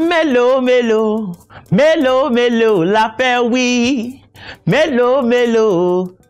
Melo, melo, melo, melo. la fẹ́ oui. Melo, melo.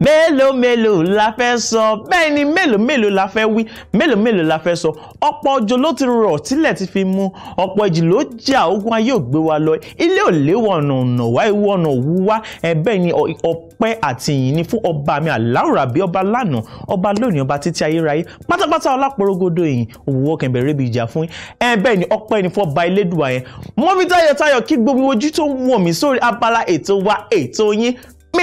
mélòó mélòó la fẹ́ sọ bẹ́ẹ̀ ni mélòó mélòó la fẹ́ wí mélòó mélòó la fẹ́ sọ ọ̀pọ̀ òjò ló ti rọ̀ tílẹ̀ ti fi mú ọ̀pọ̀ ìjì ló jà ogun ayé ò gbé wa lọ ilé ò léwọ̀ ọ̀nà ọ̀nà wá ewu ọ̀nà wúwá ẹ̀bẹ́ ni ọpẹ́ àti ìyìn ni fún ọba mi àláwùrà bí ọba lánàá ọba lónìí ọba títí ayérayé pátápátá ọlápòrogodo ìyìn òwúwọ́ kẹ̀mbẹ̀rẹ̀ ibi ni ọpẹ́ ni fún ọba elédùà yẹn mọ́bí táyọ̀ táyọ̀ kí gbogbo ojú tó wa ètò yín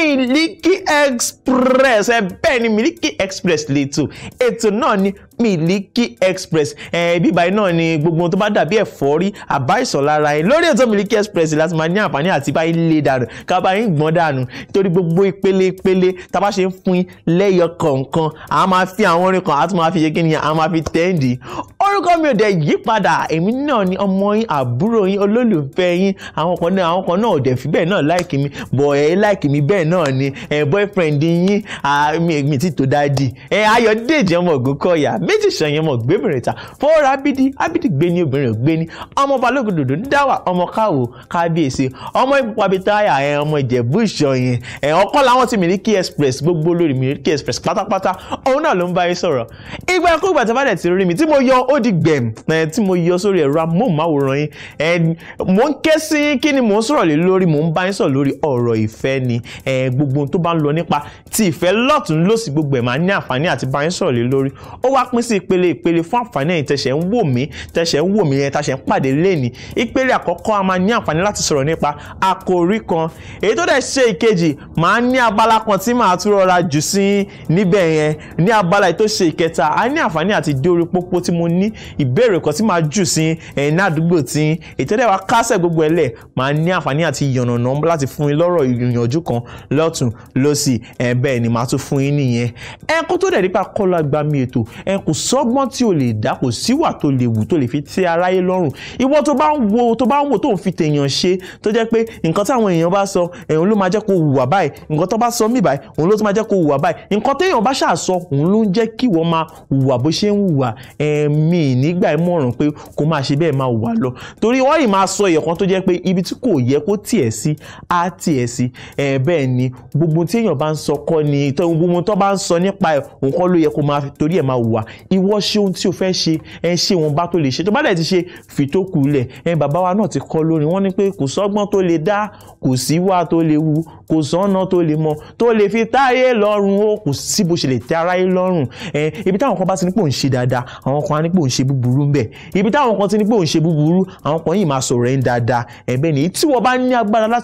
Miliki Express ẹ bẹ́ẹ̀ ni Miliki Express lè tò ètò náà ni Miliki Express eh, bíbáyé náà ni gbogbo tó bá dàbí ẹ̀fọ́rí àbá ìsọ̀lára ẹ̀ lórí ètò Miliki Express láti máa ní àǹfààní àti bá yín lè dànù ká bá yín gbọ́n dànù torí gbogbo ìpele ìpele tá a bá ṣe ń fún yín lẹ́yọ kọ̀ọ̀kan a máa fi àwọn orin kan a tún máa fi ṣe kí ni a máa fi tẹ́ǹdì orúkọ mi ò dẹ̀ yí padà èmi náà ni ọmọ yín àbúrò yín olólùfẹ́ yín àwọn kan náà àwọn kan náà ò dẹ̀ fi bẹ́ẹ̀ náà láìkì mi bọ̀ ẹ́ láìkì mi bẹ́ẹ̀ náà ni boyfriend yín mi ti tó dáàdì Ayọ̀dèjì ọmọ Ògúnkọ̀yà méjì ṣẹ̀yìn ọmọ gbẹ́bìnrin ta fọwọ́ra abidi abidi gbé ní obìnrin ò gbé ní ọmọ balógun dòdò ń dáwà ọmọ káwò kábíyèsí ọmọ ìpàbítáyà ẹ̀ ọmọ ìjẹ̀bú ìṣọ̀yìn ẹ̀ ọkọ́ làwọn ti Miliki Express gbogbo lórí Miliki Express pátápátá òun náà ló ń bá sọ̀rọ̀ ìgbà ẹ̀kọ́ ìgbà tí bàdẹ̀ ti rí mi tí mo yọ ó di gbẹ̀m tí mo yọ sórí ẹ̀rọ amóhùnmáwòrán yín ẹ̀ mò ń ké sí kí ni mò ń sọ̀rọ̀ lé lórí mò ń bá yín sọ̀rọ̀ lórí ọ̀rọ̀ ìfẹ́ ni gbogbo ohun tó bá ń lọ nípa ti ìfẹ́ lọ́tún lọ́sì gbogbo ẹ̀ máa ní àǹfààní àti bá yín sọ̀rọ̀ lé lórí ó wá pín sí ìpele ìpele fún àǹfààní ẹ̀yin tẹ̀sẹ̀ ń wò mí tẹ̀sẹ̀ ń wò mí yẹn tẹ̀sẹ̀ ń pàdé lẹ́ni ìpele àkọ́kọ́ a máa ní àǹfààní láti sọ̀rọ̀ nípa àkòrí kan èyí tó dẹ̀ ṣe ìkejì màá ní abala kan tí màá tún rọra jù sí níbẹ̀ yẹn ní abala èyí tó ṣe ìkẹta a ní àǹfààní àti dé orí pópó tí mo ní ìbéèrè kan tí màá jù sí ẹ̀yin náà àdúgbò tí èyí tó dẹ̀ wá kásẹ̀ gbogbo ẹ̀ lẹ̀ màá ní àǹfààní àti yànnàná láti tó dẹ̀ nípa kọ́lá gbàmí ètò ẹ̀ kò sọ́gbọ́n tí o lè dá kò síwà tó lè wù tó lè fi tẹ́ aráyé lọ́rùn ìwọ tó bá ń wo tó bá ń wo tó ń fi tèèyàn ṣe tó jẹ́ pé nǹkan táwọn èèyàn bá sọ òun ló máa jẹ́ kó hùwà báyìí nǹkan tó bá sọ mí báyìí òun ló tó máa jẹ́ kó hùwà báyìí nǹkan téèyàn bá ṣáà sọ òun ló ń jẹ́ kí wọ́n máa hùwà bó ṣe ń hùwà ẹ̀mí nígbà ìmọ̀ràn pé kó máa ṣe bẹ́ẹ̀ máa hùwà lọ torí wọ́n yìí máa sọ ìyẹ̀kan tó jẹ́ pé ibi tí kò yẹ kó tiẹ̀ sí á tiẹ̀ sí ẹ̀ bẹ́ẹ̀ ni gbogbo téèyàn bá ń sọ kọ́ ni gbogbo tó bá ń sọ nípa ẹ̀ òun kọ́ ló yẹ kó máa torí ẹ̀ máa hùwà ìwọ ṣe ohun tí o fẹ́ ṣe ẹ ṣe wọn bá tó lè ṣe tó bá dẹ̀ ti ṣe fìtókù lẹ̀ ẹ bàbá wa náà ti kọ́ lórin wọ́n ní pé kò sọ́gbọ́n tó lè dá kò sí wá tó lè wu kò sọ́nà tó lè mọ tó lè fi táyé lọ́rùn o kò sí bó ṣe lè tẹ́ aráyé lọ́rùn ẹ ibi táwọn kan bá ti ní pò ń ṣe dáadáa àwọn kan á ní pò ń ṣe búburú ńbẹ̀ ibi táwọn kan ti ní pò ń ṣe búburú àwọn kan yìí máa sọ̀rọ̀ ẹ̀ ń dáadáa ẹ̀bẹ̀ ni tí wọ́n bá ní agbára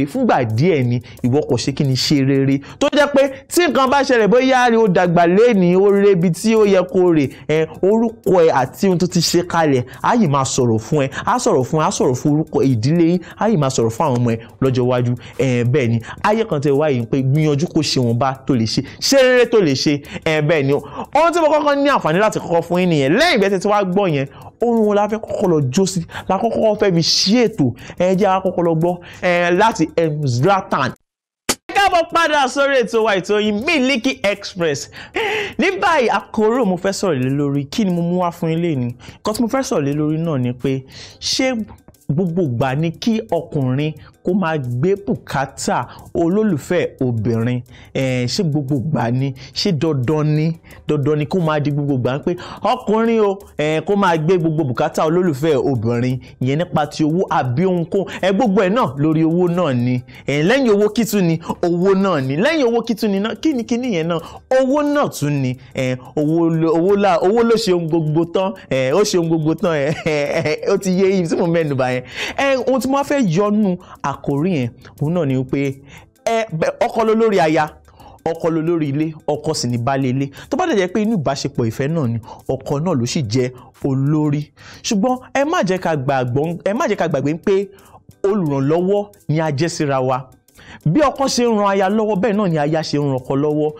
rere fúngbà díẹ̀ ni ìwọ kò ṣe kí ni ṣe rere tó jẹ́ pé tí nǹkan bá ṣẹlẹ̀ bóyá o dàgbà lẹ́ni o rere ibi tí ó yẹ kó rè ẹ orúkọ ẹ àti ohun tó ti ṣe kalẹ̀ á yìí máa sọ̀rọ̀ fún ẹ á sọ̀rọ̀ fún ẹ á sọ̀rọ̀ fún orúkọ ìdílé yín á yìí máa sọ̀rọ̀ fún àwọn ọmọ ẹ lọ́jọ́ iwájú ẹ bẹ́ẹ̀ ni ayé kan tẹ wáyé pé gbìyànjú kó ṣe wọn bá tó lè ṣe ṣe rere tó lè ṣe ẹ bẹ́ẹ̀ ni ohun tí mo kọ́kọ́ ní àǹfààní láti kọ́kọ́ fún yín nìyẹn lẹ́yìn ìgbésẹ̀ tí wàá um, Zlatan káàbọ̀ padà sórí ètò wa ètò yìí Miliki Express ní báyìí akoro mo fẹ́ sọ̀rọ̀ lé lórí kí ni mo mú wá fún ilé ni nǹkan tí mo fẹ́ sọ̀rọ̀ lé lórí náà ni pé ṣé gbogbo ìgbà ni kí ọkùnrin ó máa gbé bùkátà olólùfẹ́ obìnrin ṣé gbogbo gbà ni ṣé dandan ni dandan ni kó máa di gbogbo gbà pé ọkùnrin o kó máa gbé gbogbo bùkátà olólùfẹ́ obìnrin yẹn nípa ti owó àbí ohunkóhun ẹ gbogbo ẹ̀ náà lórí owó náà ni lẹ́yìn owó kí tún ni owó náà ni lẹ́yìn owó kí tún ni náà kí ni kí ni yẹn náà owó náà tún ni owó ló ṣe ohun gbogbo tán ó ṣe ohun gbogbo tán ó ti yé ibi tí mo mẹ́nu bà yẹn ohun tí mo fẹ́ yọnu àkọ́ àkórí yẹn òun náà ni pé ẹ ọkọ ló lórí aya ọkọ ló lórí ilé ọkọ sì ní baálé ilé tó bá dẹ̀ jẹ́ pé inú ìbáṣepọ̀ ìfẹ́ náà ni ọkọ náà ló sì jẹ́ olórí ṣùgbọ́n ẹ má jẹ́ ká gbàgbé pé olùrànlọ́wọ́ ni a jẹ́ síra wa bí ọkọ ṣe ń ran aya lọ́wọ́ bẹ́ẹ̀ náà ni aya ṣe ń ran ọkọ lọ́wọ́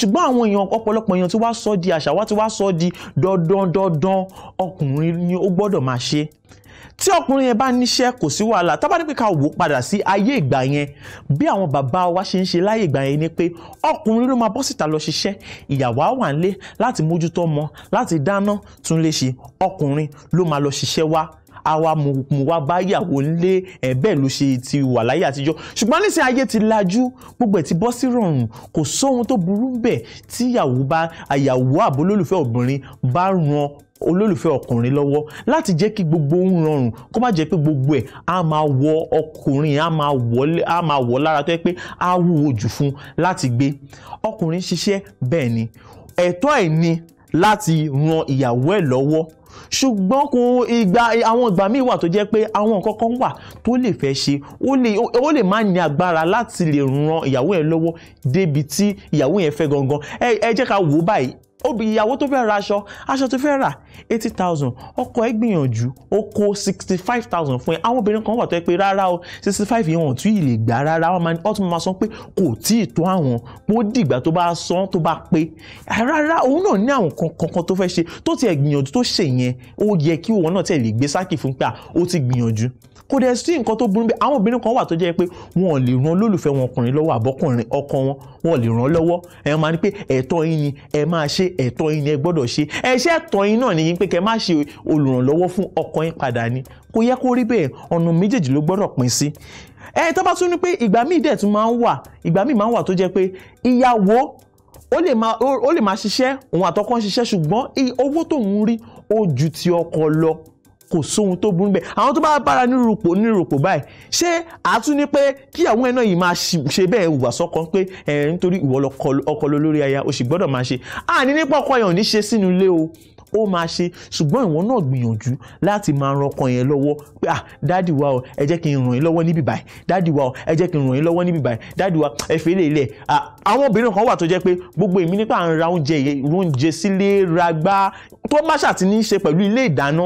ṣùgbọ́n àwọn èèyàn ọ̀pọ̀lọpọ̀ èèyàn tí wàá sọ di àṣà wá tí wàá sọ di dandan dandan ọkùnrin ni ó gbọ́dọ̀ máa ṣe tí ọkùnrin yẹn bá níṣẹ́ kò sí wàhálà tá bá ní pé ká wò ó padà sí ayé ìgbà yẹn bí àwọn bàbá wa ṣe ń ṣe láyé ìgbà yẹn ni pé ọkùnrin ló máa bọ́ síta lọ ṣiṣẹ́ ìyàwó wà ń láti mójútó ọmọ láti dáná tún lè ṣe ọkùnrin ló máa lọ ṣiṣẹ́ wá àwa mú wa bá yàwó ńlé ẹ̀ bẹ́ẹ̀ ló ṣe ti wà láyé àtijọ́ ṣùgbọ́n nísìnyí ayé ti lajú gbogbo ẹ̀ ti bọ́ sí rọrùn kò sóhun tó burú bẹ́ẹ̀ tí ìyàwó bá àyàwó àbólólùfẹ́ obìnrin bá ran olólùfẹ́ ọkùnrin lọ́wọ́ láti jẹ́ kí gbogbo ń rọrùn kó má jẹ́ pé gbogbo ẹ̀ á máa wọ ọkùnrin á máa wọ̀ lára tó yẹ pé á wúwo jù fún láti gbé ọkùnrin ṣiṣẹ́ bẹ́ẹ̀ ni ẹ̀tọ́ ẹ̀ ni láti ran ìyàwó ẹ̀ lọ́wọ́ ṣùgbọ́n kò ìgbà àwọn ìgbà míì wà tó jẹ́ pé àwọn nǹkan kan wà tó lè fẹ́ ṣe ó lè má ní agbára láti lè ran ìyàwó ẹ̀ lọ́wọ́ débi tí ìyàwó yẹn fẹ́ gangan ẹ jẹ́ ká wò ó báyìí obì ìyàwó tó fẹ́ ra aṣọ aṣọ tó fẹ́ rà eighty thousand ọkọ ẹ gbìyànjú ó kó sixty five thousand fún ẹ àwọn obìnrin kan wà tó yẹ pé rárá o sixty five yẹn wọn ò tí ì lè gbà rárá wọn máa ọtún máa sọ pé kò tí ì tó àwọn pé ó dìgbà tó bá san tó bá pé rárá òun náà ní àwọn kankan tó fẹ́ ṣe tó tiẹ̀ gbìyànjú tó ṣe yẹn ó yẹ kí òun náà tiẹ̀ lè gbé sákì fún pé ó ti gbìyànjú kò dẹ̀ sí nǹkan tó burú bí àwọn obìnrin kan wà tó jẹ́ pé wọn ò lè ran olólùfẹ́ wọn ọkùnrin lọ́wọ́ àbọ́kùnrin ọkọ wọn wọn ò lè ràn lọ́wọ́ ẹ̀ máa ní pé ẹ̀tọ́ yín ni ẹ máa ṣe ẹ̀tọ́ yín ni ẹ gbọ́dọ̀ ṣe ẹ̀ṣẹ̀ ẹ̀tọ́ yín náà nìyí pé kẹ́ má ṣe olùrànlọ́wọ́ fún ọkọ yín padà ni kò yẹ kó rí bẹ́ẹ̀ ọ̀nà méjèèjì ló gbọ́dọ̀ pín sí ẹ tó bá tún ní pé ìgbà míì dẹ̀ tún máa ń wà ìgbà míì máa ń wà tó jẹ́ pé ìyàwó ó lè máa ó ṣiṣẹ́ òun àtọkọ ń ṣiṣẹ́ ṣùgbọ́n owó tóun rí ó ju ti ọkọ lọ kò sóhun tó burú bẹ́ẹ̀ àwọn tó bá bára nírúpò nírúpò báyìí ṣé àtún ni pé kí àwọn ẹ̀ náà yìí máa ṣe bẹ́ẹ̀ wà sọ́kàn pé ẹ̀ nítorí ìwọ ọkọ lórí aya o sì gbọ́dọ̀ máa ṣe àní nípa ọkọ ayọ̀ ní ṣe sínú ilé o ó máa ṣe ṣùgbọ́n ìwọ náà gbìyànjú láti máa ran ọkàn yẹn lọ́wọ́ pé ah dáàdì wa o ẹ jẹ́ kí n ràn yín lọ́wọ́ níbí báyìí dáàdì wa o ẹ jẹ́ kí n ràn yín lọ́wọ́ níbí báyìí dáàdì wa ẹ fi lè lẹ̀ ah, àwọn obìnrin kan wà tó jẹ́ pé gbogbo èmi nípa à ń ra oúnjẹ oúnjẹ sílé ra gbá tó má ṣàti ní í ṣe pẹ̀lú ilé ìdáná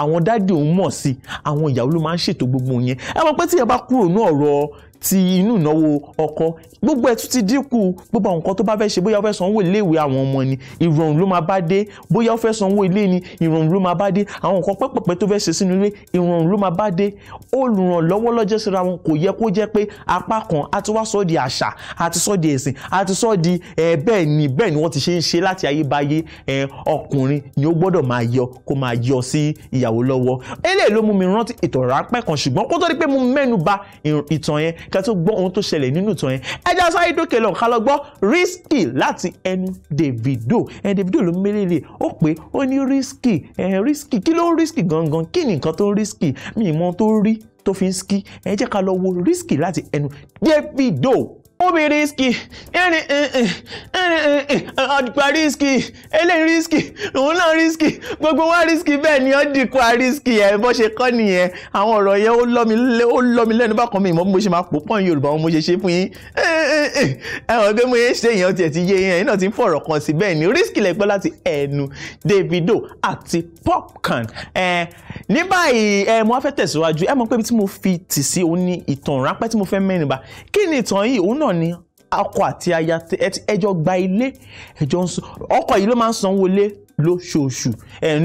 àwọn dáàdì òun mọ̀ sí àwọn ìyàwó ló máa ń ṣètò gbogbo yẹn ẹ mọ̀ pé tíyẹn bá kúrò ní ọ̀rọ̀ ti inú ìnáwó ọkọ gbogbo ẹ̀ tún ti dínkù gbogbo àwọn nǹkan tó bá fẹ́ ṣe bóyá ó fẹ́ sanwó iléèwé àwọn ọmọ ni ìrọ̀rùn ló máa bá dé bóyá ó fẹ́ sanwó ilé ni ìrọ̀rùn ló máa bá dé àwọn nǹkan pẹ́pẹ̀pẹ́ tó fẹ́ ṣe sínú ilé ìrọ̀rùn ló máa bá dé olùrànlọ́wọ́ lọ́jọ́ síra wọn kò yẹ kó jẹ́ pé apá kan a ti wá sọ di àṣà a ti sọ di ẹ̀sìn a ti sọ di bẹ́ẹ̀ ni bẹ́ẹ̀ ni wọ́n ti ṣe ń ṣe láti ayébáyé ọkùnrin ni ó gbọ́dọ̀ máa yọ kó máa yọ sí ìyàwó lọ́wọ́ eléyìí ló mú mi rántí ìtàn ráńpẹ́ kan ṣùgbọ́n kó tó di pé mo mẹ́nu bà ìtàn yẹn kẹ́ tó gbọ́ ohun tó ṣẹlẹ̀ nínú ìtàn yẹn ẹja sáré dókè lọ ká lọ gbọ́ risky láti ẹnu Davido ẹ Davido ló mélèlè ó pé ó ní risky ẹ risky kí ló ń risky gangan kí ni nǹkan tó ń risky mi ìmọ̀ tó rí tó fi ń ski ẹ jẹ́ ká lọ wo risky láti ẹnu Davido obì risky ẹrin ẹrin ọ̀dùpá risky eléyìí risky òun náà risky gbogbo wa risky bẹ́ẹ̀ ni ọ̀dìkú a risky ẹ̀ bó ṣe kọ́ nìyẹn àwọn ọ̀rọ̀ yẹn ó lọ́mi lẹ́nu bákan mi ìmọ̀ bí mo ṣe máa pò pọ̀ Yorùbá wọn mo ṣe ṣe fún yín ẹ̀hún ọ̀gẹ́ mo yẹn ṣe èèyàn tiẹ̀ ti yé yẹn náà ti ń fọ̀rọ̀ kan sí bẹ́ẹ̀ ni risky lẹ gbọ́ láti ẹnu Davido àti Popcorn ní báyìí ẹ mo wá fẹ́ tẹ̀síwájú ẹ mọ̀ pé ibi tí mo fi tì sí òun ní ìtàn ráńpẹ́ tí mo fẹ́ mẹ́rin bá kí ni ìtàn yìí òun náà ni ọkọ àti aya ẹjọ gba ilé ẹjọ ń san ọkọ yìí ló máa ń sanwó ilé lóṣooṣù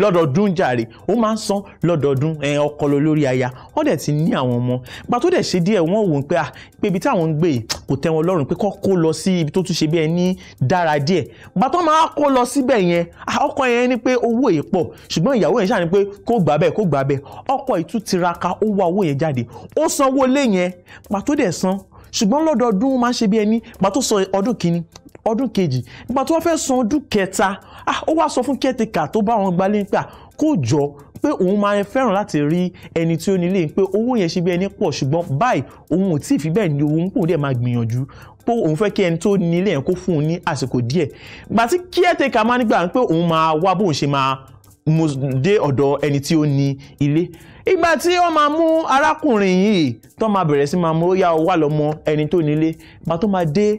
lọ́dọọdún jàre ó máa ń san lọ́dọọdún ọkọ lọ lórí aya wọ́n dẹ̀ ti ní àwọn ọmọ gba tó dẹ̀ ṣe díẹ̀ wọ́n wò ó pé pé ibi táwọn ń gbé kò tẹ́ wọn lọ́rùn pé kọ́ kó lọ sí ibi tó tún ṣe bí ẹni dára díẹ̀ gba tó máa kó lọ síbẹ̀ yẹn ọkọ yẹn ní pé owó yìí pọ̀ ṣùgbọ́n ìyàwó yẹn ṣáà pé kó gbà bẹ́ẹ̀ kó gbà bẹ́ẹ̀ ọkọ ìtú tiraka ó wá owó yẹn jáde ó sanwó lé yẹn gba tó dẹ̀ san ṣùgbọ́n lọ́dọọdún máa ń ṣe bí ẹni gbà tó sọ ọdún kìíní ọdún kejì nígbà tó wá fẹ́ san ọdún kẹta ó wá sọ fún kẹ́tìkà tó bá wọn gbalẹ̀ pé kó jọ pé òun máa fẹ́ràn láti rí ẹni tí ó nílé pé owó yẹn ṣe bí ẹni pọ̀ ṣùgbọ́n báyìí òun ò tí ì fi bẹ́ẹ̀ ni òun kò dẹ̀ máa gbìyànjú pé òun fẹ́ kí ẹni tó nílé yẹn kó fún un ní àsìkò díẹ̀ gbà tí kẹ́tìkà máa nígbà pé òun máa wá bóun ṣe máa mo dé ọ̀dọ̀ ẹni tí ó ní ilé ìgbà tí wọ́n máa mú arákùnrin yìí tó máa bẹ̀rẹ̀ sí máa mú ó yá wà lọ́mọ ẹni tó nílé ìgbà tó máa dé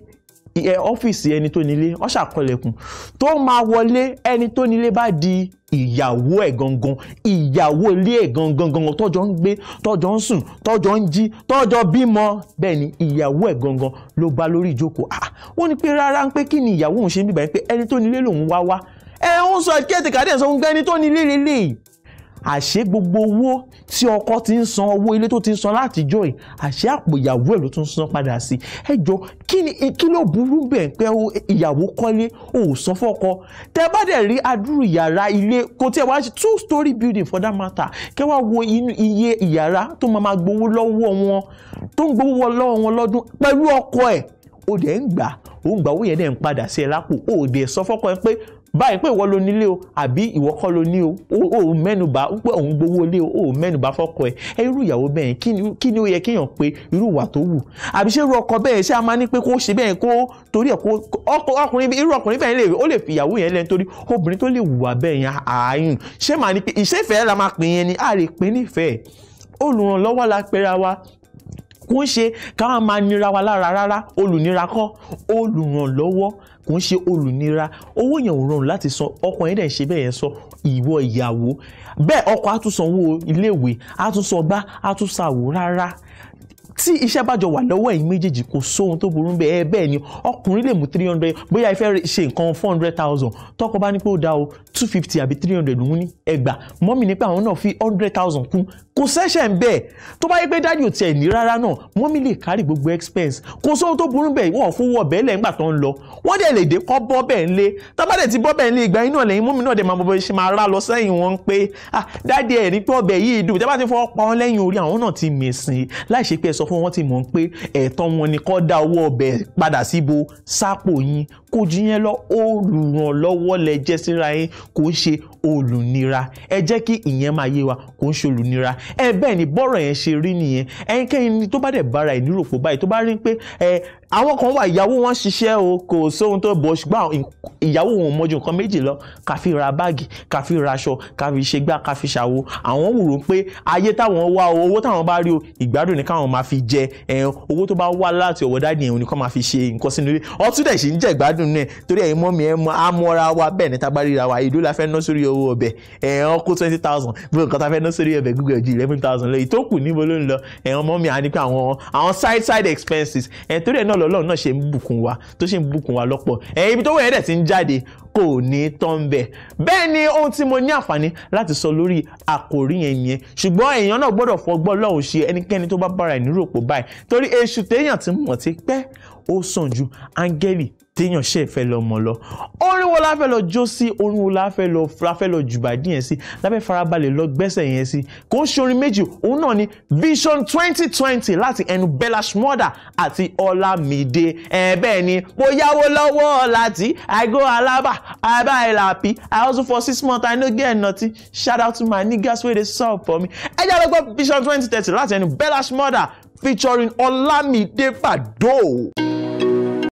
ẹ ọ́fíìsì ẹni tó nílé wọ́n ṣàkọlẹ̀kùn tó máa wọlé ẹni tó nílé bá di ìyàwó ẹ̀ gangan ìyàwó ilé ẹ̀ gangan gangan tọ́jọ́ ń gbé tọ́jọ́ ń sùn tọ́jọ́ ń jí tọ́jọ́ bímọ bẹ́ẹ̀ ni ìyàwó ẹ̀ gangan ló bá lórí ìjókòó ah ó ní pé rárá ń pé kí ni ìyàwó òun ṣe ń bíbá yẹn pé ẹni tó nílé lòun wá wá ó ń sọ ẹ̀kẹ́tì kàdé ẹ̀sọ́ gbẹ́ ẹni tó ní ilé lélẹ̀ yìí àṣé gbogbo owó tí ọkọ ti ń san owó ilé tó ti ń san látijọ́ yìí àṣé àpò ìyàwó ẹ̀ ló tún san padà sí ẹ jọ kí ló burú bẹ̀ pé ìyàwó kọ́lé ò san fọ́kọ tẹ bá dẹ̀ rí adúrú ìyàrá ilé kò tí ẹ wá ṣe two story building for that matter kẹ wá wo iye ìyàrá tó máa ma gbowó lọ́wọ́ wọn tó ń gbowó lọ́wọ́ wọn lọ́dún pẹ̀lú ọkọ ẹ̀ ó dẹ̀ ń gbà ó ń gbà owó yẹn dẹ̀ ń padà sí ẹ lápò ó dẹ̀ sọ fọ́kọ ẹ pé báyìí pé ìwọ ló nílé o àbí ìwọ kọ́ ló ní o òun mẹ́nuba pé òun gbowó lé o O mẹ́nuba fọ́kọ ẹ ẹ irú ìyàwó bẹ́ẹ̀ kí ni ó yẹ kéèyàn pé irú ìwà tó wù àbí ṣé irú ọkọ bẹ́ẹ̀ ṣé a máa ní pé kó ṣe bẹ́ẹ̀ kó torí ẹ̀ kó ọkùnrin irú ọkùnrin bẹ́ẹ̀ lè ó lè fi ìyàwó yẹn lẹ́nu torí obìnrin tó lè wùwà bẹ́ẹ̀ yẹn ààyùn ṣé màá ní pé ìṣèfẹ́ la máa pè yẹn ni a lè pè nífẹ̀ẹ́ olùrànlọ́wọ́ la pera wa kò ń ṣe ká máa nira wa lára rárá olùnira kọ́ olùrànlọ́wọ́ kò ń ṣe olùnira owó yẹn ò rọrùn láti san ọkọ yẹn dẹ̀ ń ṣe bẹ́ẹ̀ yẹn sọ ìwọ ìyàwó bẹ́ẹ̀ ọkọ á tún sanwó iléèwé á tún san gbá á tún sàwó rárá tí iṣẹ́ bá wà lọ́wọ́ ẹ̀yin méjèèjì kò sóhun tó burú bẹ́ẹ̀ bẹ́ẹ̀ ni ọkùnrin lè mú three hundred bóyá ẹ fẹ́ ṣe nǹkan four hundred thousand tọkọ bá ní pé ó dá o two fifty àbí three hundred òun ní ẹgbàá mọ́mì ní pé àwọn náà fi hundred thousand kún kò sẹ́sẹ̀ ń bẹ̀ tó bá yẹ pé dájú tiẹ̀ ní rárá náà mọ́mí lè kárí gbogbo expense kò sóhun tó burú bẹ̀ wọ́n fún wọ̀ bẹ́ẹ̀ lẹ́yìn gbà tó ń lọ wọ́n dẹ̀ lè dé kọ́ bọ́ bẹ́ẹ̀ ń lé tábàdẹ̀ ti bọ́ bẹ́ẹ̀ ń lé ìgbà inú ọ̀lẹ́yìn mọ́mí náà dẹ̀ máa bọ́ ṣe máa rà lọ sẹ́yìn wọn pé ah dáadé ẹ̀ ní pé ọbẹ̀ yìí dùn tábà ti fọwọ́ pa wọn lẹ́yìn orí àwọn náà ti mèsìn láì ṣe pé ẹ sọ fún wọn ti mọ̀ pé ẹ̀tọ́ wọn ni kọ́ dá owó ọbẹ̀ padà síbo sápò yín kó ju yẹn lọ olùrànlọ́wọ́ lẹ jẹ́ síra yín kò ń ṣe olùnira ẹ jẹ́ kí ìyẹn máa yé wa kò ń ṣe olùnira ẹ bẹ́ẹ̀ ni bọ́rọ̀ yẹn ṣe rí nìyẹn ẹnikẹ́ni tó bá dẹ̀ bára ẹ̀ níròpọ̀ báyìí tó bá rí pé ẹ àwọn kan wà ìyàwó wọn ṣiṣẹ́ o kò sóhun tó bọ̀ ṣùgbọ́n ìyàwó wọn mọ̀jú nǹkan méjì lọ káfi ra báàgì káfi ra aṣọ káfi ṣe gbá káfi ṣàwo àwọn wòrò pé ayé táwọn wá o owó táwọn bá rí o ìgbádùn ni káwọn máa fi jẹ ẹ̀hún owó tó bá wá láti ọ̀wọ́ dáàdì ẹ̀hún ni kọ́ máa fi ṣe nǹkan sínú ilé ọtún dẹ̀ sì ń jẹ ìgbádùn náà torí ẹ̀yin mọ́ ẹ̀ mọ́ àmọ́ra wa bẹ́ẹ̀ ni tá a bá ríra wa èdè la fẹ́ ná sórí owó ọbẹ̀ ẹ̀hán kó twenty thousand gbogbo nǹkan tá a fẹ́ ná sórí ọbẹ̀ google ju eleven thousand lọ èyí tó kù níbo ló ń lọ ẹ̀hán mọ́mí àá nípa àwọn àwọn side side expenses ẹ̀ torí ẹ̀ náà lọ́lọ́run náà ṣe ń bùkún wa tó ṣe ń bùkún wa lọ́pọ̀ ẹ̀ ibi tó wẹ̀ ẹ́ dẹ̀ ti ń jáde kò ní tán bẹ́ẹ̀ bẹ́ẹ̀ ni ohun tí mo ní àǹfààní láti sọ lórí àkòrí yẹn yẹn ṣùgbọ́n èèyàn náà gbọ́dọ̀ fọgbọ́n lọ́hùn ṣe ẹnikẹ́ni tó bá bára ẹ̀ nírò pò báyìí torí èṣù téèyàn ti mọ̀ ti pẹ́ ó sàn ju áńgẹ́lì téèyàn ṣe fẹ́ lọ mọ̀ lọ orin wo la fẹ́ lọ jó sí orin wo la fẹ́ lọ la fẹ́ lọ jùbàdí yẹn sí la fẹ́ farabalẹ̀ lọ gbẹ́sẹ̀ yẹn sí kò ń ṣe orin méjì òun náà ni vision twenty twenty láti ẹnu Bella Shmurda àti Ọlámídé ẹ bẹ́ẹ̀ ni mo yáwó lọ́wọ́ láti I go Alaba I buy lapi I also for six months I no get nothing shout out to my niggas wey dey sub for me ẹ jẹ́ àlọ́gbọ́ vision twenty thirty láti ẹnu Bella Shmurda featuring Ọlámídé Bàdóò.